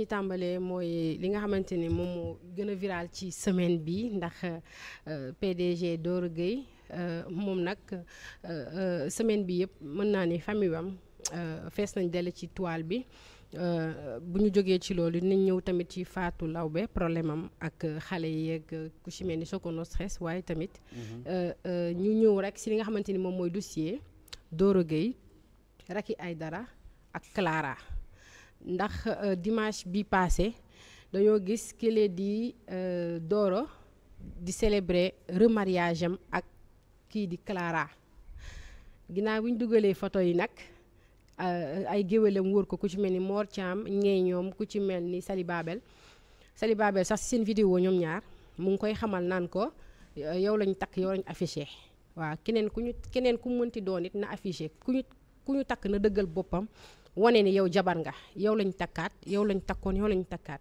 ñu tàmbalee mooy li nga xamante ni moom moo gën a viral ci semaine bi ndax euh, PDG Doro Gueye euh, moom nag euh, semaine bi yëpp mën naa ni famille wam fees nañ dell ci toile bi bu ñu jógee ci loolu dinañ ñëw tamit ci faatu Lawbe problème am ak xale yi ak ku ci mel ni Sokono stress waaye tamit mhm. ñu ñëw rek si li nga xamante ni moom mooy dossier Doro Gueye ay dara ak Clara ndax euh, dimanche bi paase dañoo gis kile di euh, dooro di célébrer remariage am ak kii di Clara ginnaaw bi ñu dugalee photo yi nag euh, ay géwélam wër ko ku ci mel ni Mor Thiam ñee ñoom ku ci mel ni Sali Babel sax si seen video ñoom ñaar mu ngi koy xamal naan ko yow lañu takk yow lañu affiché waaw keneen ku ñu keneen ku mënti doon it na affiché ku ñu ku ñu takk na dëggal boppam wane ni yow jabar nga yow lañu takkaat yow lañu takkoon yow lañu takkaat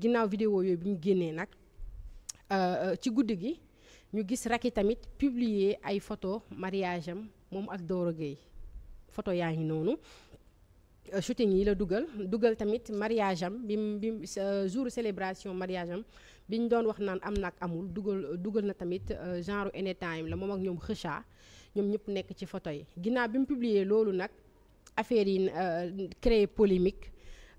ginnaaw vidéo yooyu bi mu génnee nag euh, euh, ci guddi gi ñu gis Racky tamit publier ay photo mariage moom ak Doro Gueye photo yaa ngi noonu euh, shooting yi la dugal dugal tamit mariage am bi bi jour célébration mariage am bi ñu doon wax naan am na ak amul dugal dugal na tamit genre anytime la moom ak ñoom xëcha ñoom ñëpp nekk ci photo yi ginnaaw bi mu publier loolu nag affaire yi euh, créer polémique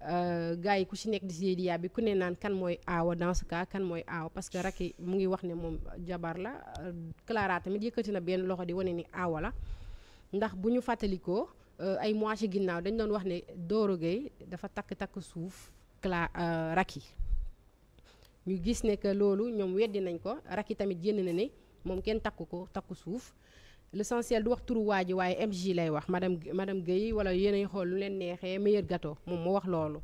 euh, gars yi ku ci nekk di si yéediyaa bi ku ne naan kan mooy aawa dans ce kan mooy aawa parce que Racky mu ngi wax ne moom jabar la euh, Clara tamit yëkkati na benn loxo di wane ni aawa la ndax bu ñu fàttalikoo ay mois ci ginnaaw dañ doon wax ne Doro Gueye dafa takk-takk suuf Cla Racky ñu gis ne que loolu ñoom weddi nañ ko Racky tamit génn na ni moom kenn takku ko takku suuf l'essentiel du wax turu waa ji waaye MJ lay wax madame madame Guèye wala yéenay xool lu leen neexee meilleur gâteau moom moo wax loolu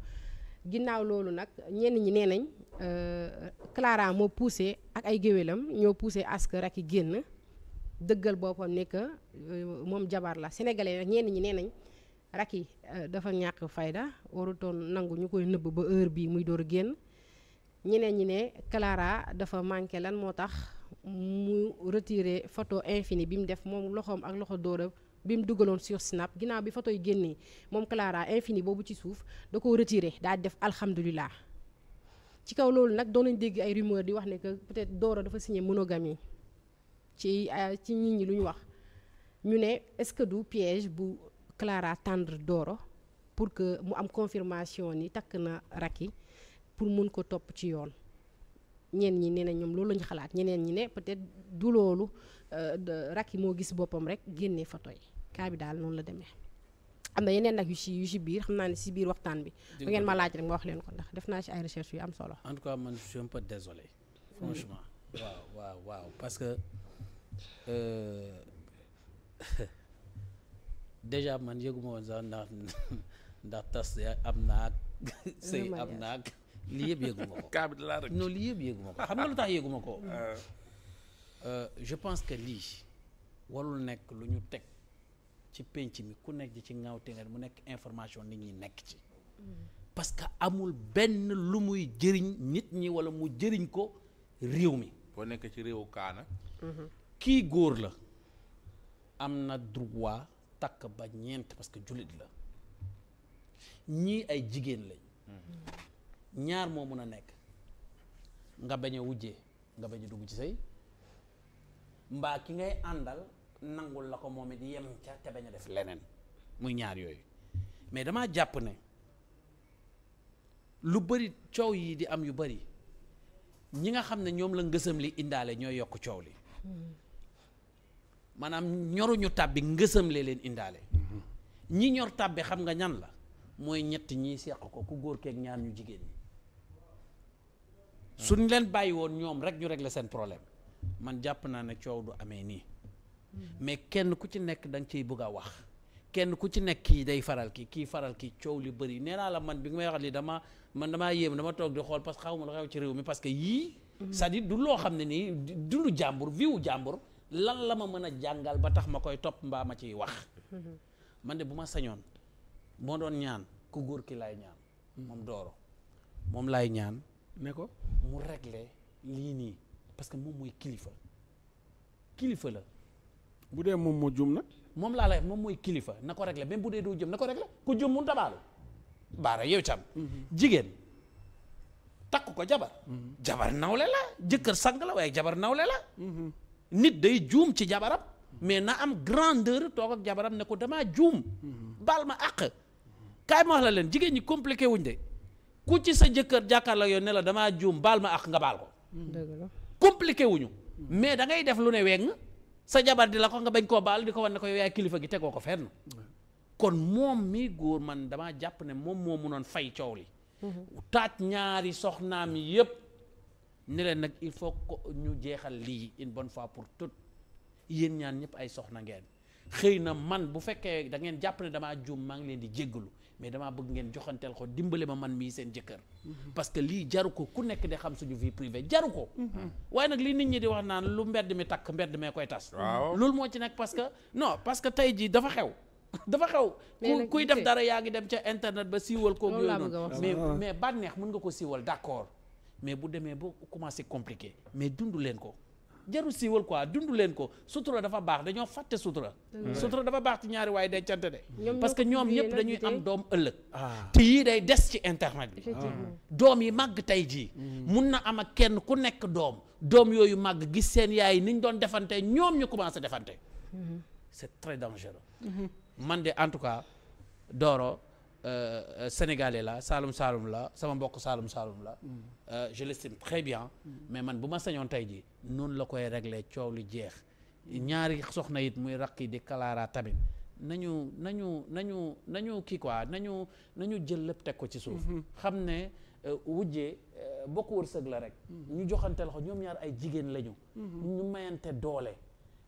ginnaaw loolu nag ñenn ñi nee nañ euh, Clara moo poussé ak ay géwélam ñoo poussé ask rek i génn dëggal boppam ne que euh, moom jabar la sénégalais nag ñenn ñi nee nañ Racky euh, dafa ñàkk fayda warutoon nangu ñu koy nëbb ba heure bii muy door a génn ñeneen ñi ne Clara dafa manqué lan moo tax mu retire photo infini bi mu def moom loxoom ak loxo dooro bi mu dugaloon sur Snap ginnaaw bi photo yi génne moom Clara infini boobu ci suuf da ko retiré daal di def alhamdulilah ci kaw loolu nag doon dégg ay rumeur di wax ne que peut-être Dora dafa signé monogamie ci euh, ci nit ñi lu ñu wax ñu ne est-ce que du piège bu Clara tendre dooro pour que mu am confirmation ni takk na Racky pour mun ko topp ci yoon ñenn ñi nee na ñoom loolu lañu xalaat ñeneen ñi ne peut-être du loolu euh, Racky moo gis boppam rek génne photo yi kaa bi daal noonu la demee am na yeneen nag yu ci biir xam naa ne si biir waxtaan bi bu ngeen ma laaj rek ma wax leen ko ndax def naa ci ay recherche yu am solo en tout cas man je suis un peu waaw waaw parce que euh... déjà man yëguma woon sax ndax ndax tas am naag sëy lii yëpp yéegu ma ko. kaa lii yëpp yéegu ma ko xam nga lu tax yéegu ma ko. Ah. Euh, je pense que lii warul nekk lu ñu teg ci penc mi ku nekk ci ngaaw téngal mu nekk information nit ñi nekk ci. Mm. parce que amul benn lu muy jëriñ nit ñi walla mu jëriñ ko réew mi. boo nekk ci réewu kaana. Mm-hmm. kii góor la am na droit takk ba ñeent parce que jullit la ñii ay jigéen lañ. Mm-hmm. ñaar moo mun a nekk nga bañ a wujjee nga bañ a dugg ci sëy mbaa ki ngay àndal nangul la ko moom it yem ca te bañ def leneen muy ñaar yooyu mais damaa jàpp ne lu bari coow yi di am yu bari ñi nga xam ne ñoom la ngësëm li indaale ñooy yokk coow li maanaam ñoruñu tàbbi ngësëm leen indaale mm-hmm. ñi ñor tàbbi xam nga ñan la mooy ñett ñiy seq ko ku góor keeg ñaar ñu jigéen ñi suñ leen bàyyi woon ñoom rek ñu la seen problème man jàpp naa ne coow du amee nii mais kenn ku ci nekk da nga ciy bëgg a wax kenn ku ci nekk kii day faral kii kii faral kii coow li bëri nee naa la man bi nga may wax li dama man damaa yéem dama toog di xool parce que xawma lu xew ci réew mi parce que yii cest à du loo xam ne nii dundu jàmbur viwu jàmbur lan la ma mën a jàngal ba tax ma koy topp mbaa ma ciy wax man de bu ma sañoon moo doon ñaan ku góor ki laay ñaan moom moom laay ne ko mu régler lii nii parce que moom mooy kilifa kilifa la. bu dee moom moo juum na moom laa lay moom mooy kilifa na ko régler même bu dee doo jëm na ko régler ku jëm mun tabaalu baara yow cam mhm. jigéen takk ko jabar. Mhm. jabar nawle la jëkkër sang la waaye jabar nawle la. Mhm. nit day juum ci jabaram. mais na am grandeur toog ak jabaram ne ko damaa juum. baal ma àq. kaay ma wax la leen jigéen ñi compliqué wuñ de. ku ci sa jëkkër jàkkaarloo yoon ne la damaa juum baal ma ak nga baal ko. Mm. compliqué wuñu mm. mais da ngay def lu ne weng sa jabar di la ko nga bañ koo baal di ko wan ne ko yow yaay kilifa gi tegoo ko fenn. Mm. kon moom mi góor man damaa jàpp ne moom moo munoon fay coow li. Mm-hmm. taaj ñaari soxnaam yépp ne leen nag il faut ñu jeexal lii une bonne fois pour toutes yéen ñaan ñëpp ay soxna ngeen xëy na man bu fekkee da ngeen jàpp ne damaa juum maa ngi leen di jéggalu mais damaa bëgg ngeen joxanteel ko dimbale ma man mii seen jëkkër parce que lii jaru ko ku nekk de xam suñu vie privée jaru ko waaye nag li nit ñi di wax naan lu mbedd mi takk mbedd mee koy tas loolu moo ci nekk parce que non parce que tey jii dafa xew dafa xew kuy def dara yaa ngi dem ca internet ba siiwal koog yooyu noonu mais ah. mais bànneex mën nga ko siiwal d'accord mais bu demee ba commencé compliqué mais dund leen ko jarul siiwal quoi dundu leen ko sutura dafa baax dañoo fàtte sutura sutura dafa baax ci ñaari waaye dencante de parce que ñoom ñëpp dañuy am doom ëllëg ah. te yii day des ci internet bi ah. doom yi màgg tey jii mm. mun na am ak kenn ku nekk doom doom yooyu màgg gis seen yaay niñ doon defantee ñoom ñu commencé defante mm-hmm. c'est très dangereux mm-hmm. man de en tout cas Doro Euh, euh, sénégalais la saalum saalum la sama mbokk saalum saalum la mm. euh, je l'estime très bien mm. mais man bu ma sañoon tey ji noonu la koy régler coow lu jeex ñaari soxna it muy raq yi di kalaaraa tamit nañu nañu nañu nañu kii quoi nañu nañu jël lépp teg ko ci suuf mm-hmm. xam ne wujjee bokk wërsëg la rek mm-hmm. ñu joxante loxo ñoom ñaar ay jigéen lañu. Mm-hmm. ñu mayante doole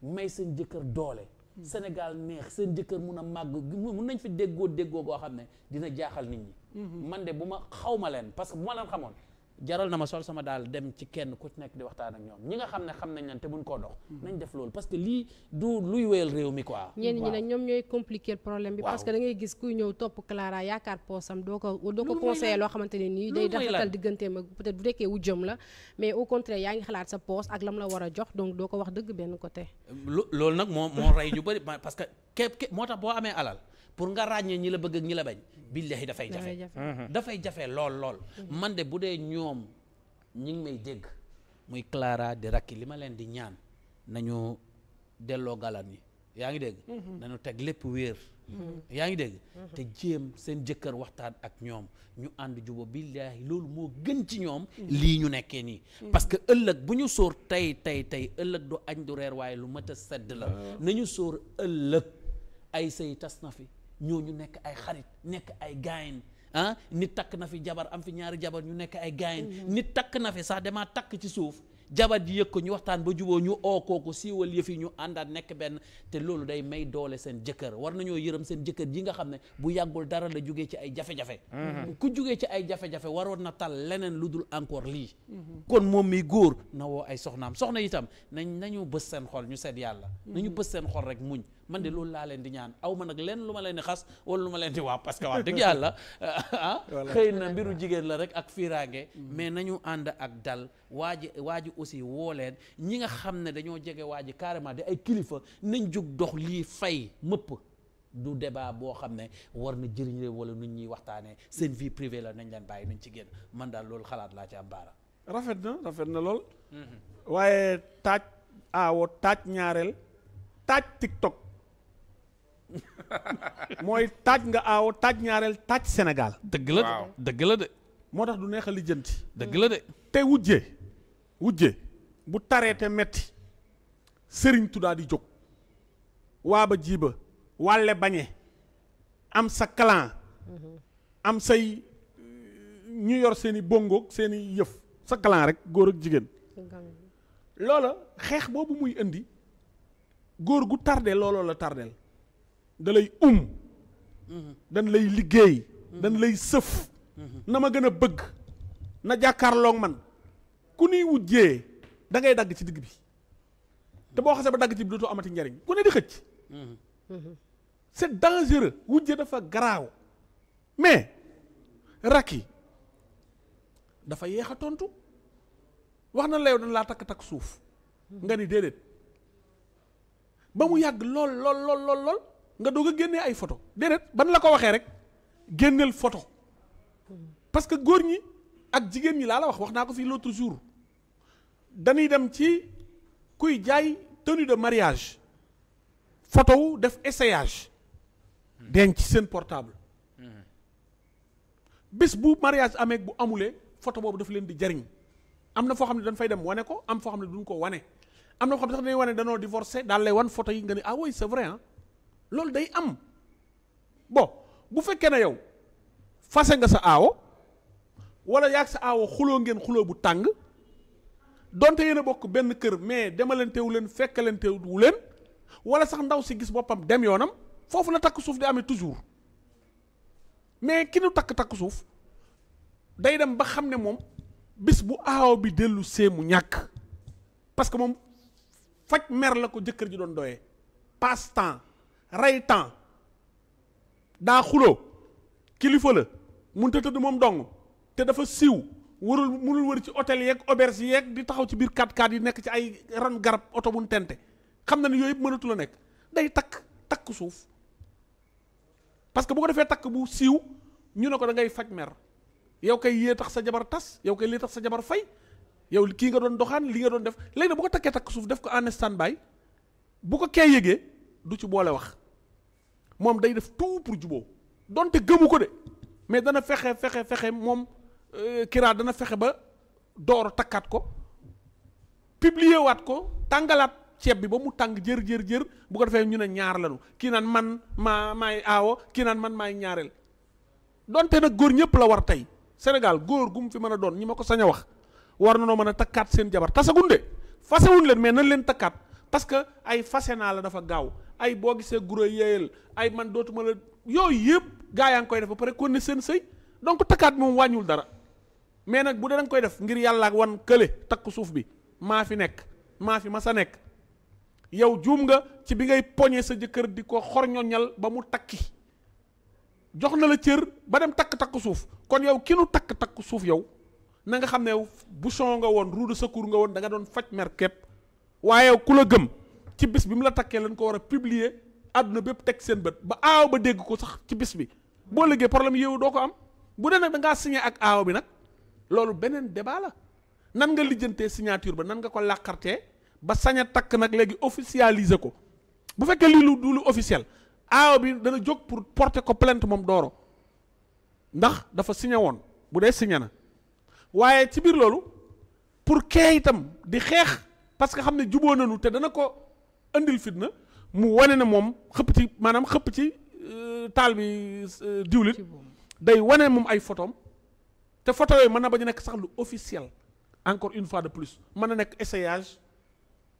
may seen jëkkër doole Sénégal neex seen jëkkër mun a màgg gi mun nañ fi déggoo déggoo goo xam ne dina jaaxal nit ñi. Mhm. man de bu ma xaw ma leen parce que bu ma leen xamoon jaral na ma sol sama daal dem ci kenn ku ci nekk di waxtaan ak ñoom ñi nga xam ne xam nañ leen te buñ koo dox hmm. nañ def loolu parce que lii du luy wéyal réew mi quoi ñenn ñi nag ñoom ñooy compliquer problème bi parce que da ngay gis kuy ñëw topp Clara yaakaar poosam doo ko doo ko conseiller loo xamante ne nii day dafatal digganteem ak peut-être bu dekkee wu jëm la mais au contraire yaa ngi xalaat sa poos ak lam la war a jox donc doo ko wax dëgg benn côté loolu nag moo moo rey ñu parce que képp moo tax boo amee alal pour nga ràññee ñi la bëgg ak ñi la bañ billahi dafay jafe dafay jafe mhm. lool lool mhm. man de bu dee ñoom ñi ngi may dégg muy Clara di rakki li ma leen di ñaan nañu delloo galan yi yaa ngi dégg mhm. nañu teg lépp wéer yaa ngi dégg te jéem seen jëkkër waxtaan ak ñoom ñu ànd juba billaahi loolu moo gën ci ñoom lii ñu nekkee nii parce que ëllëg bu ñu sóor tey tey tey ëllëg du añ du reer waaye lu mat a sedd la ah. nañu sóor ëllëg ay say tas na fi ñu nekk ay xarit nekk ay gaayin ah nit takk na fi jabar am fi ñaari jabar ñu nekk ay gaayin mm-hmm. nit takk na fi saa damaa takk ci suuf jabar ji yëg ko ñu waxtaan ba juboo ñu oo kooku siiwal yëf yi ñu àndaat nekk benn te loolu day may doole seen jëkkër war nañoo yërëm seen jëkkër ji nga xam ne bu yàggul dara la jógee ci ay jafe-jafe mm-hmm. ku jógee ci ay jafe-jafe waroon na tal leneen lu dul encore lii mm-hmm. kon moom mi góor na woo ay soxnaam soxna itam nañ nañu bës seen xol ñu seet yàlla nañu bës seen xol rek muñ man de loolu laa leen di ñaan aw ma nag leen lu ma leen di xas wala lu ma leen di waa parce que wax dëgg yàlla ah, ah, xëy na mbiru jigéen la rek ak fiiraange mais nañu ànd ak dal waa ji waa ji aussi woo leen ñi nga xam ne dañoo jege waa ji carrément di ay kilifa nañ jóg dox lii fay mëpp du débat boo xam ne war na jëriñ leen wala nu ñuy waxtaanee seen vie privée la nañ leen bàyyi nañ ci génn man daal loolu xalaat laa ci am baara. rafet na rafet na lool. Mhm. waaye taaj aawo taaj ñaareel taaj TikTok. mooy taaj nga aaw taaj ñaareel taaj Sénégal. dëgg la de moo tax du neex a lijjanti. dëgg la de. te wujje wujje bu tareete metti sëriñ Tuubaa di jóg waa ba jiiba wàlle bañe am sa clan mm-hmm. am say ñu yor seen i bongoog seen yëf sa clan rek góor ak jigéen loola xeex boobu muy indi góor gu tardé looloo la tardel da lay um mhm. dañ lay liggéey mhm. dañ lay sëf mhm. na ma gën a bëgg na jàkkaarlook man ku nuy wujjee dangay dagg ci digg bi te boo xasee ba dagg ci bi dootoo amati njariñ ku ne di xëcc c'est dangereux wujje dafa garaaw mais rakki dafa yéex a tontu wax na la yow dañ laa takk-takk suuf nga ni déedéet ba mu yàgg lool lool lool lool lool nga doog a génnee ay photo déedéet ban la ko waxee rek génneel photo parce que góor ñi ak jigéen ñi laa la wax wax naa ko fii l'autre jour dañuy dem ci kuy jaay tenue de mariage photo wu def essayage denc seen portable bés bu mariage amee bu amulee photo boobu daf leen di jariñ am na foo xam ne dañ fay dem wane ko am foo xam ne duñ ko wane am na foo xam ne sax wane danoo divorcé daal lay wan photo yi nga ne ah oui c'est vrai loolu day am bon bu fekkee ne yow fase nga sa aawo wala yaag sa aawo xuloo ngeen xuloo bu tàng donte yéen a bokk benn kër mais demalantewu leen fekkalantewu leen wala sax ndaw si gis boppam dem yoonam foofu la takk suuf di amee toujours mais ki nu takk takk suuf day dem ba xam ne moom bis bu aawo bi dellu see mu ñàkk parce que moom faj mer la ko jëkkër ji doon doyee passe temps rey temps daa xuloo kilifa la mun a tëdd moom dong te dafa siiw warul mënul wër ci hôtel yeeg auberge yeeg di taxaw ci biir 4 x yi nekk ci ay ran garab oto bu tente xam na ni yooyu yëpp mënatul la nekk day takk takk suuf parce que bu ko defee takk bu siiw ñu ne ko da ngay faj mer yow kay yee tax sa jabar tas yow kay lii tax sa jabar fay yow kii nga doon doxaan li nga doon def léegi nag bu ko takkee takk suuf def ko en stand bu ko kee yégee du ci boole wax moom day def tout pour juboo donte gëmu ko de mais dana fexe fexe fexe moom euh, Kira dana fexe ba door takkaat ko publier waat ko tàngalaat ceeb bi ba mu tàng jër jër jër bu ko defee ñu ne ñaar lañu kii naan man maa maay aawo kii naan man maay ñaareel donte nag góor ñëpp la war tey Sénégal góor gu mu fi mën a doon ñi ma ko saña wax war na noo mën a takkaat seen jabar tasagun de fasewuñ leen mais nañ leen takkaat parce que ay fase naa la dafa gaaw ay boo gisee guro yéyal ay man dootuma la yooyu yëpp gaa yaa ngi koy def ba pare kon ne seen sëy donc takkaat moom wàññul dara mais nag bu dee da koy def ngir yàlla ak wan kële takku suuf bi maa fi nekk maa fi ma sa nekk yow juum nga ci bi ngay poñe sa jëkkër di ko xorñoñal ba mu takki jox na la cër ba dem takk takku suuf kon yow ki nu takk takku suuf yow na nga xam ne bouchon nga woon roue sa kur nga woon da nga doon faj merket waaye ku la gëm ci bis bi mu la takkee lañ ko war a publier àdduna bépp teg seen bët ba aaw ba dégg ko sax ci bis bi boo liggéey problème yow doo ko am bu dee nag dangaa ngaa ak aaw bi nag loolu beneen débat la nan nga lijjantee signature ba nan nga ko làqarte ba saña takk nag léegi officialiser ko bu fekkee lii lu du lu officiel aaw bi dana jóg pour porter ko plainte moom dooro ndax dafa signé woon bu dee signé na waaye ci biir loolu pour kee itam di xeex parce que xam ne juboo nañu te dana ko andil fitna mu wane na moom xëpp ci maanaam xëpp ci euh, taal bi euh, diwlit day wane moom ay photom te photo yooyu mën na ba ñu nekk sax lu officiel encore une fois de plus mën na nekk essayage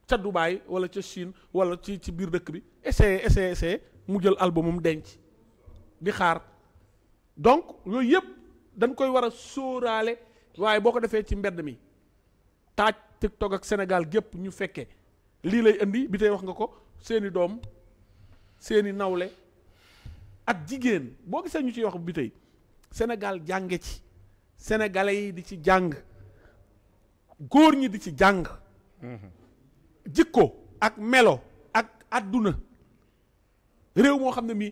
ca dubaay wala ca Chine wala ci ci biir dëkk bi essayé essayé essayé mu jël albumum denc di xaar donc yooyu yëpp dañ koy war a sóoraale waaye boo ko defee ci mbedd mi taaj TikTok ak Sénégal gépp ñu fekkee lii lay indi bi tey wax nga ko seeni doom seeni nawle ak jigéen boo gisee ñu ciy wax bi tey Sénégal jànge ci senegale yi di ci jàng góor ñi di ci jàng jikko ak melo ak àdduna réew moo xam ne mi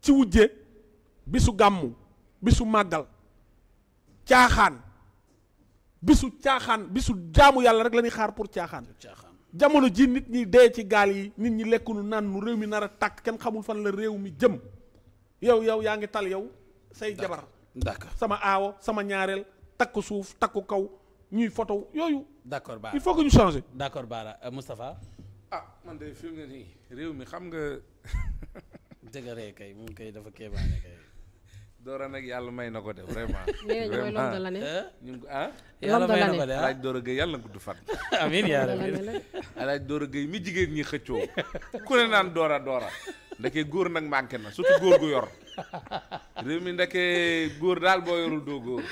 ci wujje bisu gàmmu bisu màggal caaxaan bisu caaxaan bisu jaamu yàlla rek la xaar pour caaxaan caaxaan jamono ji nit ñi dee ci gaal yi nit ñi lekk naan nu réew mi nar a tàkk kenn xamul fan la réew mi jëm yow yow yaa ngi tal yow say jabar d'accord sama aawo sama ñaareel takku suuf takku kaw ñuy photo yooyu d'accord Bara il faut que ñu changer d'accord Bara euh, Moustapha ah man de fi mu nii réew mi xam nga dëgg kay mu kay dafa kéemaane kay Dora nag yàlla may na ko de vraiment. vraiment ñu ngi ko ah. yàlla may na ko de yàlla na gudd fan. amiin yaa jigéen ñi xëccoo ku ne naan Dora Dora ndeke góor nag manqué na surtout góor gu yor réew mi ndeke góor daal boo yorul doo góor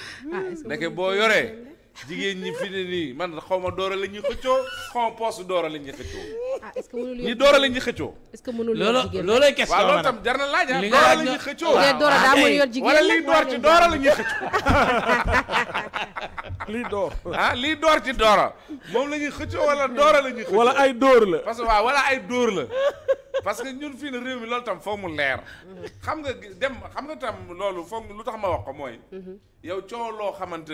ndeke boo yoree jigéen ñi fi ne nii man xaw ma Dora la ñuy xëccoo xaw ma poosu Dora la xëccoo. ah est-ce que mënul ni Dora xëccoo. est-ce que mënul yor jigéen looloo looloo question. waaw loolu tam jar na laaj ah Dora la ñuy xëccoo. waaw Dora lii door ci lii door ah door ci Dora moom la ñuy xëccoo wala Dora la ñuy xëccoo. wala ay door la. parce que waaw wala ay door la parce que ñun fii na réew mi loolu tam foog mu leer. xam nga dem xam nga tam loolu foog lu tax ma wax ko mooy. Mhm. yow coow loo xamante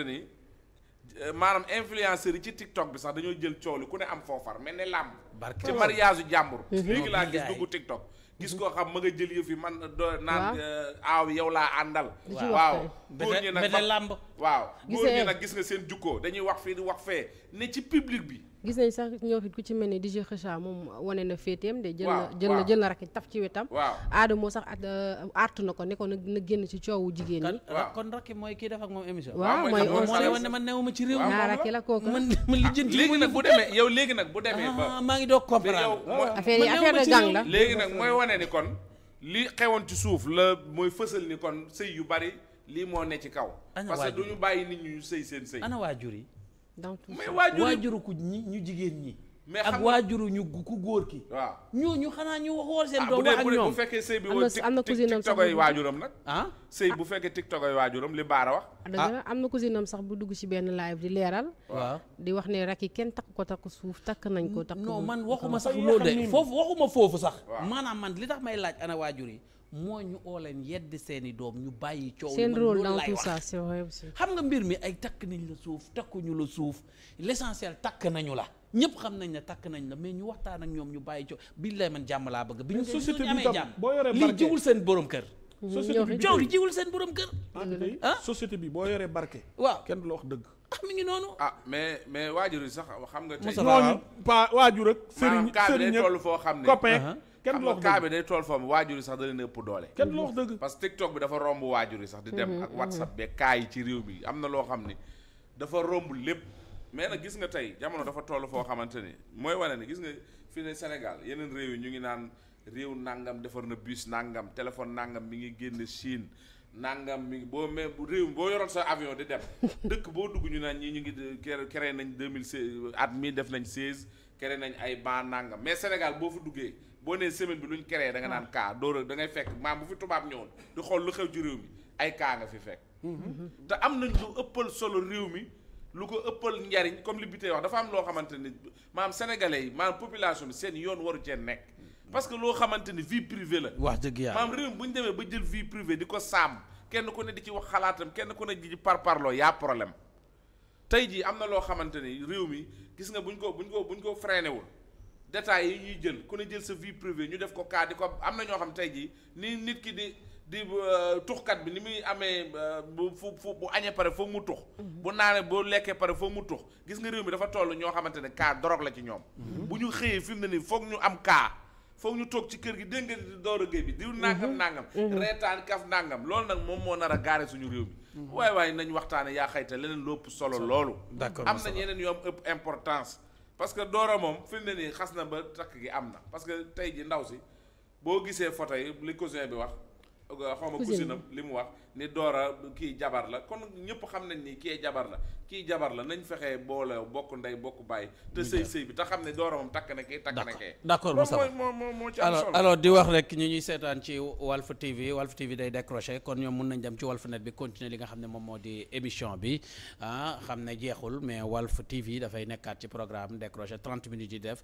Euh, maanaam influenceurs yi ci TikTok bi sax dañoo jël coow li ku ne am foofar mel ne làmb ci mariage jàmbur mhm. léegi laa gis dugg TikTok gis koo xam ma nga jël yëf yi man euh, doo naan euh, aaw yow laa àndal waaw góor ñi nag làmb waaw góor ñi nag gis nga seen jukkoo dañuy wax fii di wax fee ne ci public bi gis nañ sax ñoo ku ci mel ni DJ Kheucha moom wane na féeteem de jël na jël na jël na rakk taf ci wetam waaw aada moo sax at euh, artu na ko ne ko na na génn ci coowu jigéen ñi kon rakki mooy kii def ak moom émission waaw mooy wane man newuma ci réew mi naa ah, rakki la kooku man man lijjanti léegi nag bu demee yow léegi nag bu demee ah, ah, maa ngi doog comprendre affaire yi affaire de gang la léegi nag mooy wane ni kon li xewoon ci suuf la mooy fësal ni kon sëy yu bari lii moo ne ci kaw parce que duñu bàyyi nit ñu sëy seen sëy yi dans tout mais waajuru waajuru ku ñi ñu jigéen ñi. mais ak waajuru ñu ku góor ki. ñu ñu xanaa ñu xool seen ah, doom wax ak ñoom bu fekkee sëy bi woon am na cousine am sax bu waajuram nag. ah bu fekkee tiktok ay waajuram li baara wax. dëgg am na cousine ah. am sax bu dugg ci benn live di leeral. waaw di wax ne rakk yi kenn takk ko takk suuf takk nañ ko. takk non man waxuma sax loolu de foofu waxuma foofu sax. maanaam man li tax may laaj ana waajur yi moo ñu oo leen yedd seeni doom ñu bàyyi coow seen rôle dans tout ça xam nga mbir mi ay takk nañ la suuf takkuñu la suuf l'essentiel takk nañu la ñëpp xam nañ ne takk nañ la mais ñu waxtaan ak ñoom ñu bàyyi coow bi lay man jàmm laa bëgg bi ñu société bi boo yoree barke li jiwul seen borom kër société bi coow li jiwul seen borom kër ah société bi boo yoree barke waaw kenn du la wax dëgg ah mi ngi noonu ah mais mais waajur yi sax xam nga tey ñooñu pa waajur ak sëriñ sëriñ foo xam ne kenn du wax dëgg xam nga bi day tool foofu waajur yi sax da leen ëpp doole. kenn du wax dëgg parce que TikTok bi dafa romb waajur yi sax. di dem mm-hmm, ak WhatsApp mm-hmm. be kaa yi ci réew mi am na loo xam ni dafa romb lépp. mais gis nga tey jamono dafa toll foo xamante ni mooy wane ni gis nga fii ne Sénégal yeneen réew yi ñu ngi naan réew nangam defar na bus nangam téléphone nangam mi ngi génn Chine nangam mi ngi boo mais bu réew boo yoroon sa avion di dem dëkk boo dugg ñu naan ñii ñu ngi créé nañ 2016 at mi def nañ 16 créé nañ ay ban nangam mais Sénégal boo fa duggee. boo nee semaine bi luñ créé da nga naan cas ah. dóor dangay fekk maam bu fi tubaab ñëwoon di xool lu xew ci réew mi ay kaa nga fi fekk. Mm-hmm. te am nañ lu ëppal solo réew mi lu ko ëppal njariñ comme li bi tey wax dafa am loo xamante ni maam sénégalais yi maam population bi seen yoon waru cee nekk. parce que loo xamante ni vie privée la. wax dëgg yàlla maam réew mi bu demee ba jël vie privée di ko sàmm kenn ku ne di ci wax xalaatam kenn ku ne di ci parparloo yaa problème tey jii am na loo xamante ni réew mi gis nga buñ ko buñ ko buñ ko freiné wul détails yi ñuy jël ku ne jël sa vie privée ñu def ko cas di ko am na ñoo xam tey jii ni nit ki di di euh, tuxkat bi ni muy amee euh, bu fu fu bu añee pare foog mu tux mm-hmm. bu naanee boo lekkee pare foog mu tux gis nga réew mi dafa toll ñoo xamante ne cas drogue la ci ñoom mm-hmm. bu ñu xëyee fi mu ne nii foog ñu am kaa foog ñu toog ci kër gi dégg nga door a géej bi diw nangam mm-hmm. nangam reetaan kaf nangam loolu nag moom moo nar a gaare suñu réew mi waaye waaye nañu waxtaanee yaa xayta leneen lépp solo loolu am na ñeneen yoo am ëpp importance parce que Dora moom fi mu nii xas na ba takk gi am na parce que tey ji ndaw si boo gisee photo yi li cousin bi wax Euh, xaw ma cousinam li mu wax ni Dora kii jabar la kon ñëpp xam nañ ni kii jabar la kii jabar la nañ fexe boole bokk ndey bokk bàyyi te sëy sëy bi te xam ne Dora moom takk na kii takk na kii d'accord Moussa moo moo moo ci am solo alors di wax rek ñu ñuy seetaan ci Walf TV Walf TV day décroché kon ñoom mun nañ dem ci Walf net bi continuer li nga xam ne moom moo di émission bi ah xam ne jeexul mais Walf TV dafay nekkaat ci programme décroché 30 minutes yi def